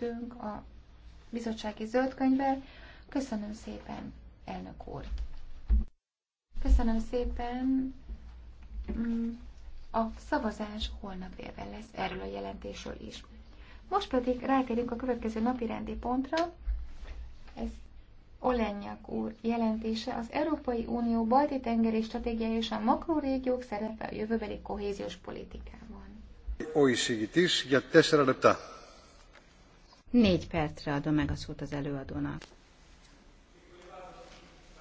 döntöttünk a bizottsági zöldkönyvvel. Köszönöm szépen, elnök úr! Köszönöm szépen! Mm, a szavazás holnap délben lesz erről a jelentésről is. Most pedig rátérünk a következő napi rendi pontra. Ez Olenyak úr jelentése az Európai Unió balti tengeri stratégiája és a makrorégiók szerepe a jövőbeli kohéziós politikában. Oisigit is, ja, 4 Négy percre adom meg a szót az előadónak.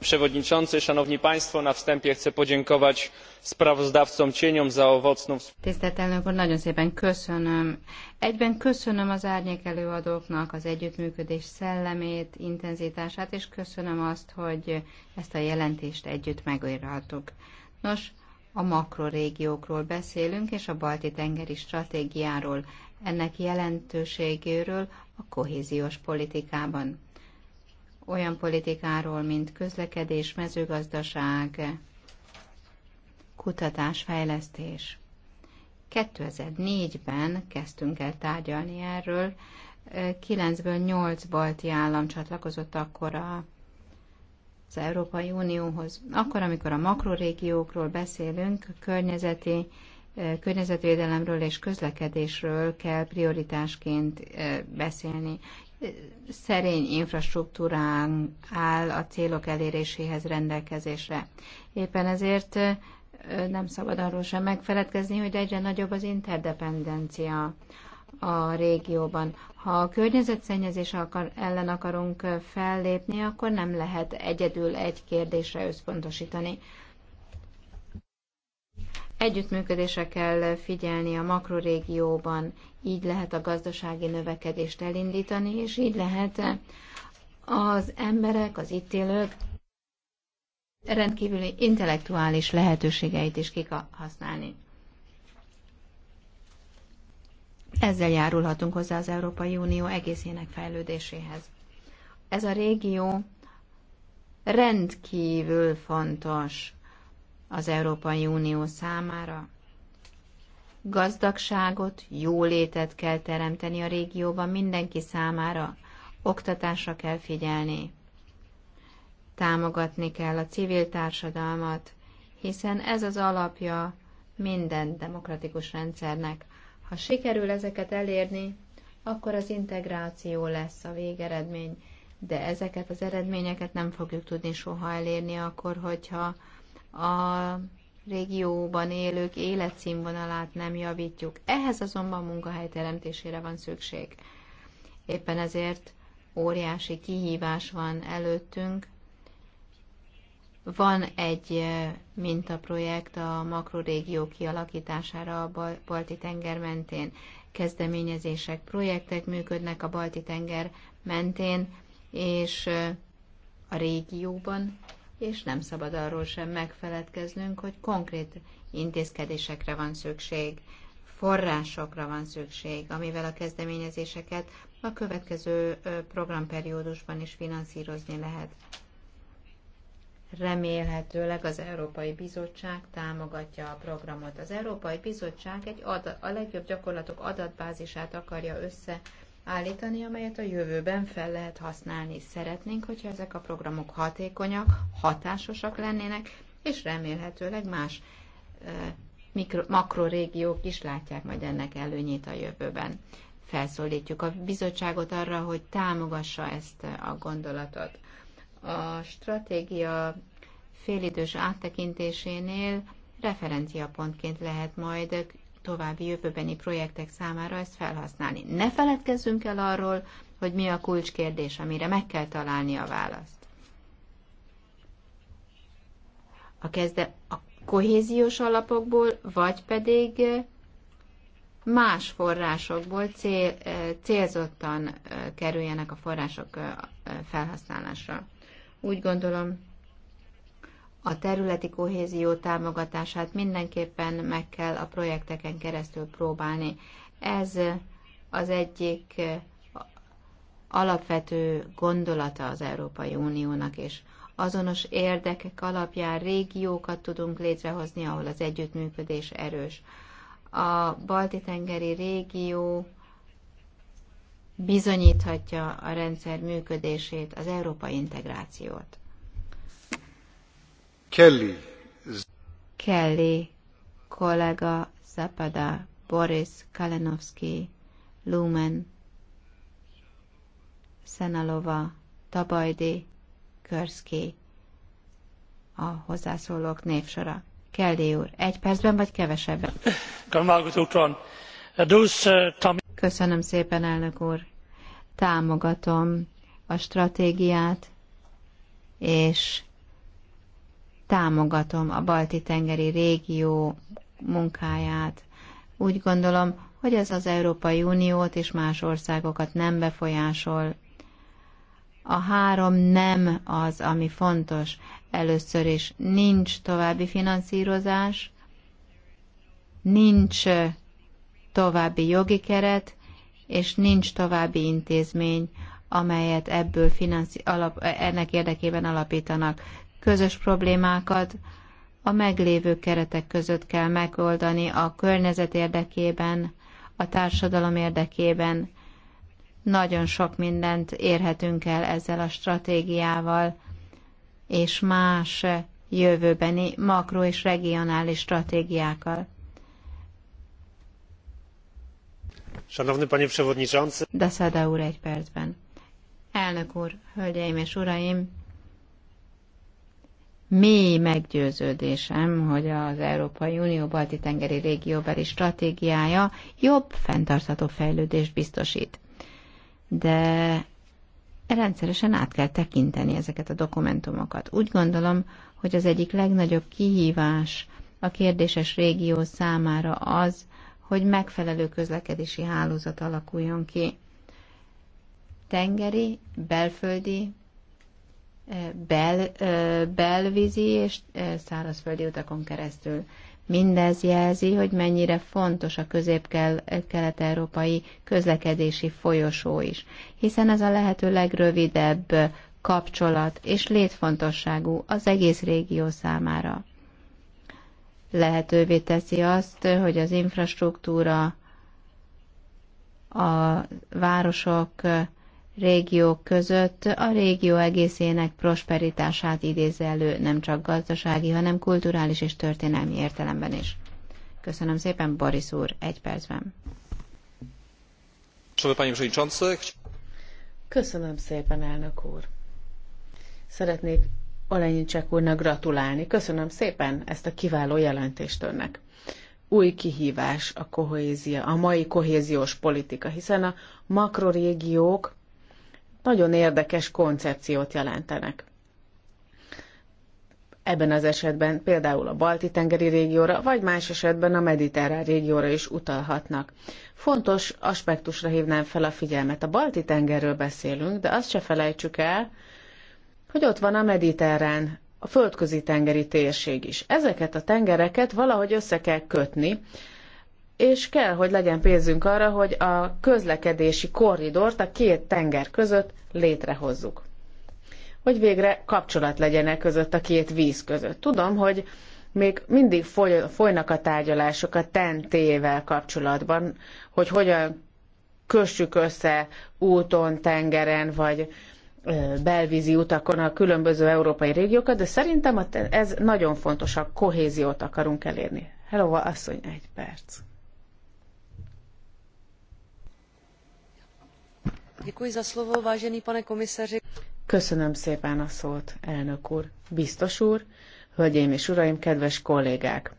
Przewodniczący, Szanowni Państwo, na wstępie chcę podziękować sprawozdawcom cieniom za owocną Tisztelt elnök úr, nagyon szépen köszönöm. Egyben köszönöm az árnyék előadóknak az együttműködés szellemét, intenzitását, és köszönöm azt, hogy ezt a jelentést együtt megírhattuk. Nos, a makrorégiókról beszélünk, és a balti tengeri stratégiáról ennek jelentőségéről a kohéziós politikában. Olyan politikáról, mint közlekedés, mezőgazdaság, kutatás, fejlesztés. 2004-ben kezdtünk el tárgyalni erről, 9-ből 8 balti állam csatlakozott akkor a, az Európai Unióhoz. Akkor, amikor a makrorégiókról beszélünk, a környezeti környezetvédelemről és közlekedésről kell prioritásként eh, beszélni. Szerény infrastruktúrán áll a célok eléréséhez rendelkezésre. Éppen ezért eh, nem szabad arról sem megfeledkezni, hogy egyre nagyobb az interdependencia a régióban. Ha a környezetszennyezés akar, ellen akarunk eh, fellépni, akkor nem lehet egyedül egy kérdésre összpontosítani. Együttműködésre kell figyelni a makrorégióban, így lehet a gazdasági növekedést elindítani, és így lehet az emberek, az itt élők rendkívüli intellektuális lehetőségeit is kihasználni. Ezzel járulhatunk hozzá az Európai Unió egészének fejlődéséhez. Ez a régió rendkívül fontos az Európai Unió számára. Gazdagságot, jólétet kell teremteni a régióban mindenki számára, oktatásra kell figyelni. Támogatni kell a civil társadalmat, hiszen ez az alapja minden demokratikus rendszernek. Ha sikerül ezeket elérni, akkor az integráció lesz a végeredmény, de ezeket az eredményeket nem fogjuk tudni soha elérni akkor, hogyha a régióban élők életszínvonalát nem javítjuk. Ehhez azonban munkahely teremtésére van szükség. Éppen ezért óriási kihívás van előttünk. Van egy eh, mintaprojekt a makrorégió kialakítására a Balti tenger mentén. Kezdeményezések, projektek működnek a Balti tenger mentén, és eh, a régióban és nem szabad arról sem megfeledkeznünk, hogy konkrét intézkedésekre van szükség, forrásokra van szükség, amivel a kezdeményezéseket a következő programperiódusban is finanszírozni lehet. Remélhetőleg az Európai Bizottság támogatja a programot. Az Európai Bizottság egy ad, a legjobb gyakorlatok adatbázisát akarja össze állítani, amelyet a jövőben fel lehet használni. Szeretnénk, hogyha ezek a programok hatékonyak, hatásosak lennének, és remélhetőleg más mikro, makrorégiók is látják majd ennek előnyét a jövőben. Felszólítjuk a bizottságot arra, hogy támogassa ezt a gondolatot. A stratégia félidős áttekintésénél referenciapontként lehet majd további jövőbeni projektek számára ezt felhasználni. Ne feledkezzünk el arról, hogy mi a kulcskérdés, amire meg kell találni a választ. A, kezde, a kohéziós alapokból, vagy pedig más forrásokból cél, célzottan kerüljenek a források felhasználásra. Úgy gondolom, a területi kohézió támogatását mindenképpen meg kell a projekteken keresztül próbálni. Ez az egyik alapvető gondolata az Európai Uniónak is. Azonos érdekek alapján régiókat tudunk létrehozni, ahol az együttműködés erős. A Balti-tengeri régió bizonyíthatja a rendszer működését, az európai integrációt. Kelly. Kelly, kollega Zapada, Boris Kalenovski, Lumen, Szenalova, Tabajdi, Körszki. A hozzászólók névsora. Kelly úr, egy percben vagy kevesebben? Uh, Köszönöm szépen, elnök úr. Támogatom a stratégiát, és támogatom a Balti-tengeri régió munkáját. Úgy gondolom, hogy ez az Európai Uniót és más országokat nem befolyásol. A három nem az, ami fontos. Először is nincs további finanszírozás, nincs további jogi keret, és nincs további intézmény, amelyet ebből finanszí- alap- ennek érdekében alapítanak közös problémákat a meglévő keretek között kell megoldani a környezet érdekében, a társadalom érdekében. Nagyon sok mindent érhetünk el ezzel a stratégiával, és más jövőbeni makro és regionális stratégiákkal. Szanowny panie przewodniczący. Dasada úr egy percben. Elnök úr, hölgyeim és uraim, mély meggyőződésem, hogy az Európai Unió balti tengeri régióbeli stratégiája jobb, fenntartható fejlődést biztosít. De rendszeresen át kell tekinteni ezeket a dokumentumokat. Úgy gondolom, hogy az egyik legnagyobb kihívás a kérdéses régió számára az, hogy megfelelő közlekedési hálózat alakuljon ki. Tengeri, belföldi, bel, belvízi és szárazföldi utakon keresztül. Mindez jelzi, hogy mennyire fontos a közép-kelet-európai közlekedési folyosó is, hiszen ez a lehető legrövidebb kapcsolat és létfontosságú az egész régió számára. Lehetővé teszi azt, hogy az infrastruktúra, a városok régiók között a régió egészének prosperitását idéz elő, nem csak gazdasági, hanem kulturális és történelmi értelemben is. Köszönöm szépen, Boris úr, egy percben. Köszönöm szépen, elnök úr. Szeretnék csak úrnak gratulálni. Köszönöm szépen ezt a kiváló jelentést önnek. Új kihívás a kohézia, a mai kohéziós politika, hiszen a makrorégiók nagyon érdekes koncepciót jelentenek. Ebben az esetben például a Balti-tengeri régióra, vagy más esetben a Mediterrán régióra is utalhatnak. Fontos aspektusra hívnám fel a figyelmet. A Balti-tengerről beszélünk, de azt se felejtsük el, hogy ott van a Mediterrán, a földközi tengeri térség is. Ezeket a tengereket valahogy össze kell kötni, és kell, hogy legyen pénzünk arra, hogy a közlekedési korridort a két tenger között létrehozzuk. Hogy végre kapcsolat legyen e között a két víz között. Tudom, hogy még mindig folynak a tárgyalások a TEN-T-vel kapcsolatban, hogy hogyan kössük össze úton, tengeren, vagy belvízi utakon a különböző európai régiókat, de szerintem ez nagyon fontos, a kohéziót akarunk elérni. Hello, asszony, egy perc. Köszönöm szépen a szót, elnök úr, biztos úr, hölgyeim és uraim, kedves kollégák!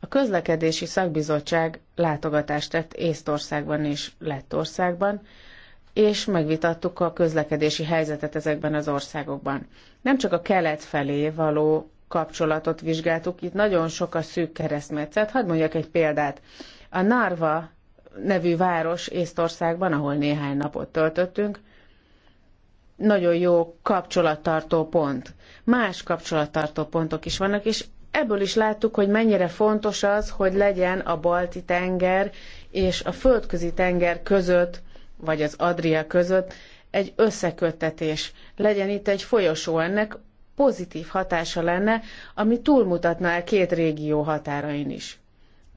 A közlekedési szakbizottság látogatást tett Észtországban és Lettországban, és megvitattuk a közlekedési helyzetet ezekben az országokban. Nem csak a kelet felé való kapcsolatot vizsgáltuk, itt nagyon sok a szűk keresztmetszet. Hadd mondjak egy példát. A Narva nevű város Észtországban, ahol néhány napot töltöttünk, nagyon jó kapcsolattartó pont. Más kapcsolattartó pontok is vannak, és ebből is láttuk, hogy mennyire fontos az, hogy legyen a balti tenger és a földközi tenger között, vagy az Adria között egy összeköttetés. Legyen itt egy folyosó, ennek pozitív hatása lenne, ami túlmutatná a két régió határain is.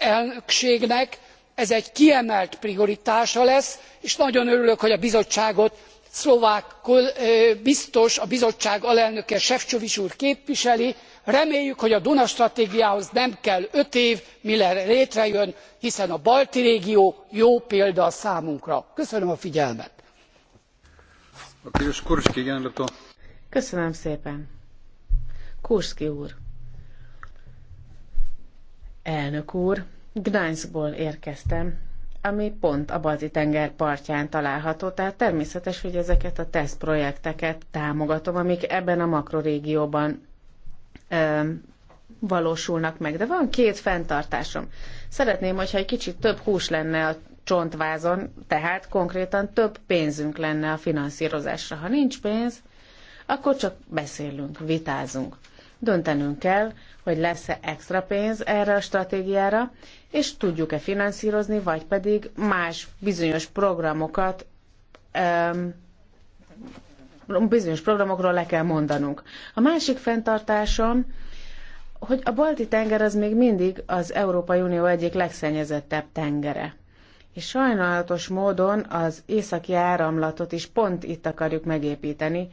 elnökségnek ez egy kiemelt prioritása lesz és nagyon örülök hogy a bizottságot szlovák biztos a bizottság alelnöke efovi úr képviseli reméljük hogy a duna stratégiához nem kell öt év mire létrejön hiszen a balti régió jó példa számunkra. köszönöm a figyelmet. köszönöm szépen úr! Elnök úr, Gdańskból érkeztem, ami pont a balti tenger partján található, tehát természetes, hogy ezeket a tesztprojekteket támogatom, amik ebben a makrorégióban ö, valósulnak meg. De van két fenntartásom. Szeretném, hogyha egy kicsit több hús lenne a csontvázon, tehát konkrétan több pénzünk lenne a finanszírozásra. Ha nincs pénz, akkor csak beszélünk, vitázunk. Döntenünk kell, hogy lesz-e extra pénz erre a stratégiára, és tudjuk-e finanszírozni, vagy pedig más bizonyos programokat um, bizonyos programokról le kell mondanunk. A másik fenntartásom, hogy a balti tenger az még mindig az Európai Unió egyik legszennyezettebb tengere. És sajnálatos módon az északi áramlatot is pont itt akarjuk megépíteni.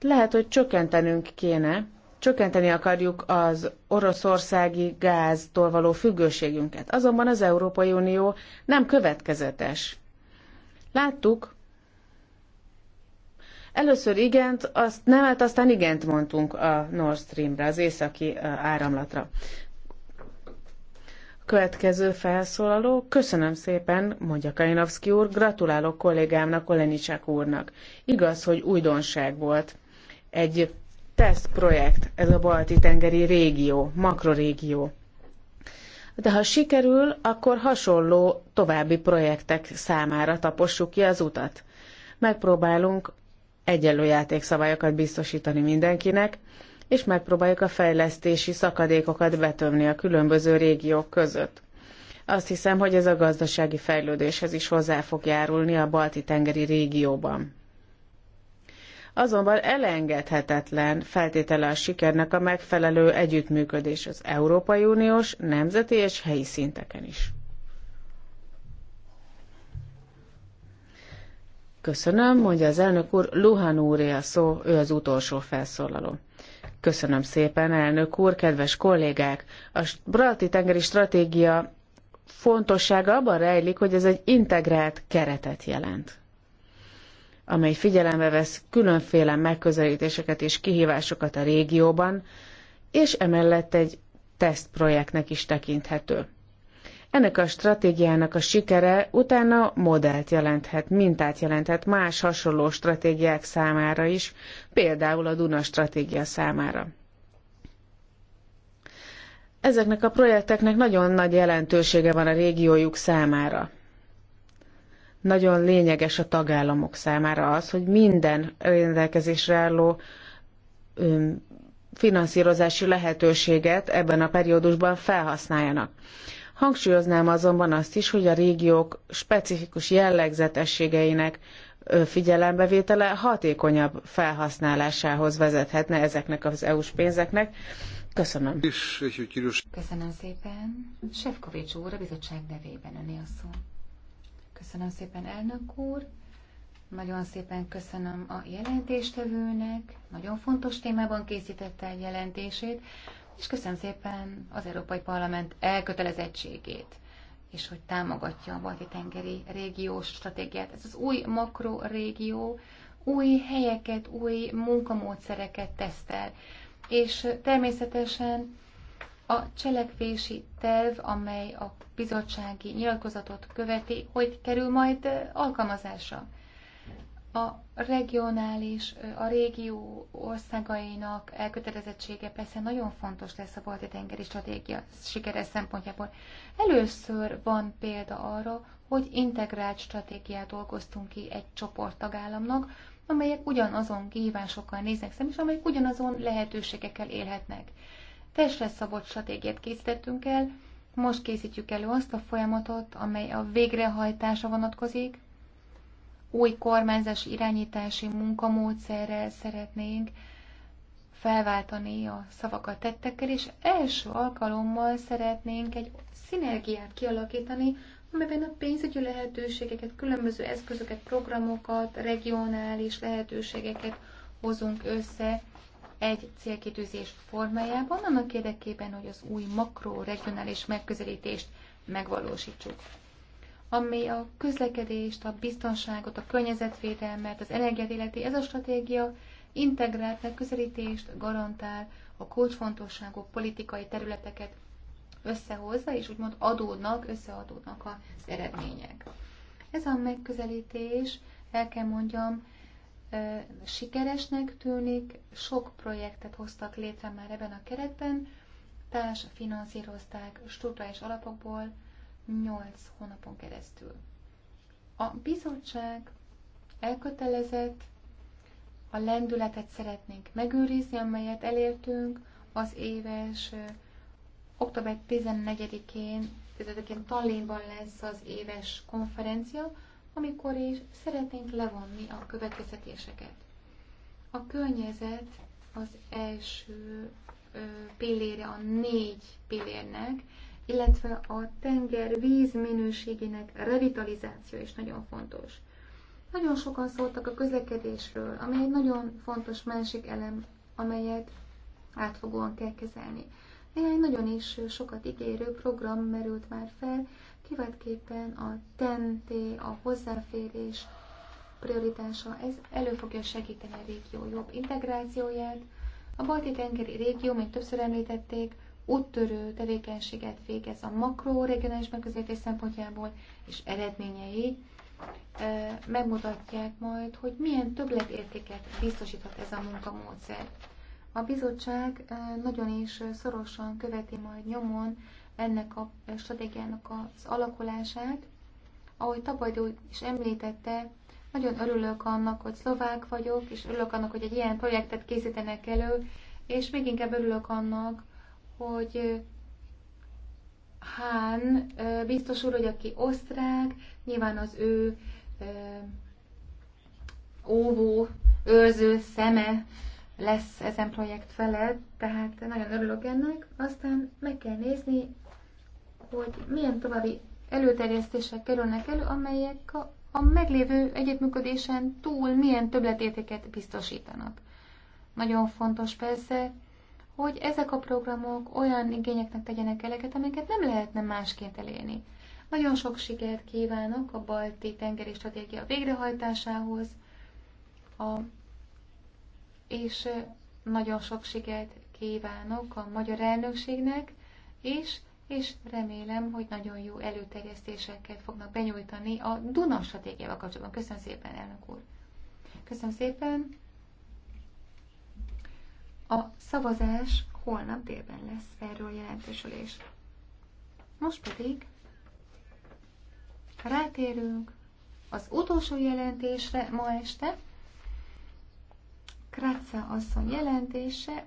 Lehet, hogy csökkentenünk kéne csökkenteni akarjuk az oroszországi gáztól való függőségünket. Azonban az Európai Unió nem következetes. Láttuk, először igent, azt nemet, aztán igent mondtunk a Nord Streamre, az északi áramlatra. Következő felszólaló, köszönöm szépen, mondja Kalinowski úr, gratulálok kollégámnak, Olenicsák úrnak. Igaz, hogy újdonság volt egy tesztprojekt ez a Balti-tengeri régió, makrorégió. De ha sikerül, akkor hasonló további projektek számára tapossuk ki az utat. Megpróbálunk egyenlő játékszabályokat biztosítani mindenkinek, és megpróbáljuk a fejlesztési szakadékokat betömni a különböző régiók között. Azt hiszem, hogy ez a gazdasági fejlődéshez is hozzá fog járulni a Balti-tengeri régióban. Azonban elengedhetetlen feltétele a sikernek a megfelelő együttműködés az Európai Uniós, nemzeti és helyi szinteken is. Köszönöm, mondja az elnök úr, Luhan úré a szó, ő az utolsó felszólaló. Köszönöm szépen, elnök úr, kedves kollégák! A balti tengeri stratégia fontossága abban rejlik, hogy ez egy integrált keretet jelent amely figyelembe vesz különféle megközelítéseket és kihívásokat a régióban, és emellett egy tesztprojektnek is tekinthető. Ennek a stratégiának a sikere utána modellt jelenthet, mintát jelenthet más hasonló stratégiák számára is, például a Duna stratégia számára. Ezeknek a projekteknek nagyon nagy jelentősége van a régiójuk számára. Nagyon lényeges a tagállamok számára az, hogy minden rendelkezésre álló finanszírozási lehetőséget ebben a periódusban felhasználjanak. Hangsúlyoznám azonban azt is, hogy a régiók specifikus jellegzetességeinek figyelembevétele hatékonyabb felhasználásához vezethetne ezeknek az EU-s pénzeknek. Köszönöm. Köszönöm szépen. Sefkovics úr, a bizottság nevében öné a szó. Köszönöm szépen, elnök úr. Nagyon szépen köszönöm a jelentéstevőnek, nagyon fontos témában készítette egy jelentését, és köszönöm szépen az Európai Parlament elkötelezettségét, és hogy támogatja a Balti-tengeri régiós stratégiát. Ez az új makrorégió új helyeket, új munkamódszereket tesztel, és természetesen a cselekvési terv, amely a bizottsági nyilatkozatot követi, hogy kerül majd alkalmazásra. A regionális, a régió országainak elkötelezettsége persze nagyon fontos lesz a balti tengeri stratégia sikeres szempontjából. Először van példa arra, hogy integrált stratégiát dolgoztunk ki egy csoport tagállamnak, amelyek ugyanazon kihívásokkal néznek szem, és amelyek ugyanazon lehetőségekkel élhetnek testre szabott stratégiát készítettünk el, most készítjük elő azt a folyamatot, amely a végrehajtása vonatkozik. Új kormányzás irányítási munkamódszerrel szeretnénk felváltani a szavakat tettekkel, és első alkalommal szeretnénk egy szinergiát kialakítani, amiben a pénzügyi lehetőségeket, különböző eszközöket, programokat, regionális lehetőségeket hozunk össze, egy célkitűzés formájában, annak érdekében, hogy az új makroregionális megközelítést megvalósítsuk ami a közlekedést, a biztonságot, a környezetvédelmet, az energiát illeti. Ez a stratégia integrált megközelítést garantál, a kulcsfontosságú politikai területeket összehozza, és úgymond adódnak, összeadódnak az eredmények. Ez a megközelítés, el kell mondjam, sikeresnek tűnik, sok projektet hoztak létre már ebben a keretben, társ finanszírozták struktúrális alapokból 8 hónapon keresztül. A bizottság elkötelezett, a lendületet szeretnénk megőrizni, amelyet elértünk az éves október 14-én, 15-én Tallinnban lesz az éves konferencia, amikor is szeretnénk levonni a következtetéseket. A környezet az első pillére a négy pillérnek, illetve a tenger víz minőségének revitalizáció is nagyon fontos. Nagyon sokan szóltak a közlekedésről, amely egy nagyon fontos másik elem, amelyet átfogóan kell kezelni. Néhány nagyon is sokat ígérő program merült már fel, kiváltképpen a tenté, a hozzáférés prioritása, ez elő fogja segíteni a régió jobb integrációját. A balti tengeri régió, mint többször említették, úttörő tevékenységet végez a regionális megközelítés szempontjából, és eredményei e, megmutatják majd, hogy milyen többletértéket biztosíthat ez a munkamódszer. A bizottság e, nagyon is szorosan követi majd nyomon ennek a stratégiának az alakulását. Ahogy Tabajdó is említette, nagyon örülök annak, hogy szlovák vagyok, és örülök annak, hogy egy ilyen projektet készítenek elő, és még inkább örülök annak, hogy Hán biztos úr, hogy aki osztrák, nyilván az ő óvó, őrző szeme lesz ezen projekt feled, tehát nagyon örülök ennek. Aztán meg kell nézni, hogy milyen további előterjesztések kerülnek elő, amelyek a, a meglévő együttműködésen túl milyen többletértéket biztosítanak. Nagyon fontos persze, hogy ezek a programok olyan igényeknek tegyenek eleget, amiket nem lehetne másként elérni. Nagyon sok sikert kívánok a balti tengeri stratégia végrehajtásához, a és nagyon sok sikert kívánok a magyar elnökségnek, és, és remélem, hogy nagyon jó előterjesztéseket fognak benyújtani a Duna stratégiával kapcsolatban. Köszönöm szépen, elnök úr! Köszönöm szépen! A szavazás holnap délben lesz erről jelentősülés. Most pedig rátérünk az utolsó jelentésre ma este, Kratza asszony jelentése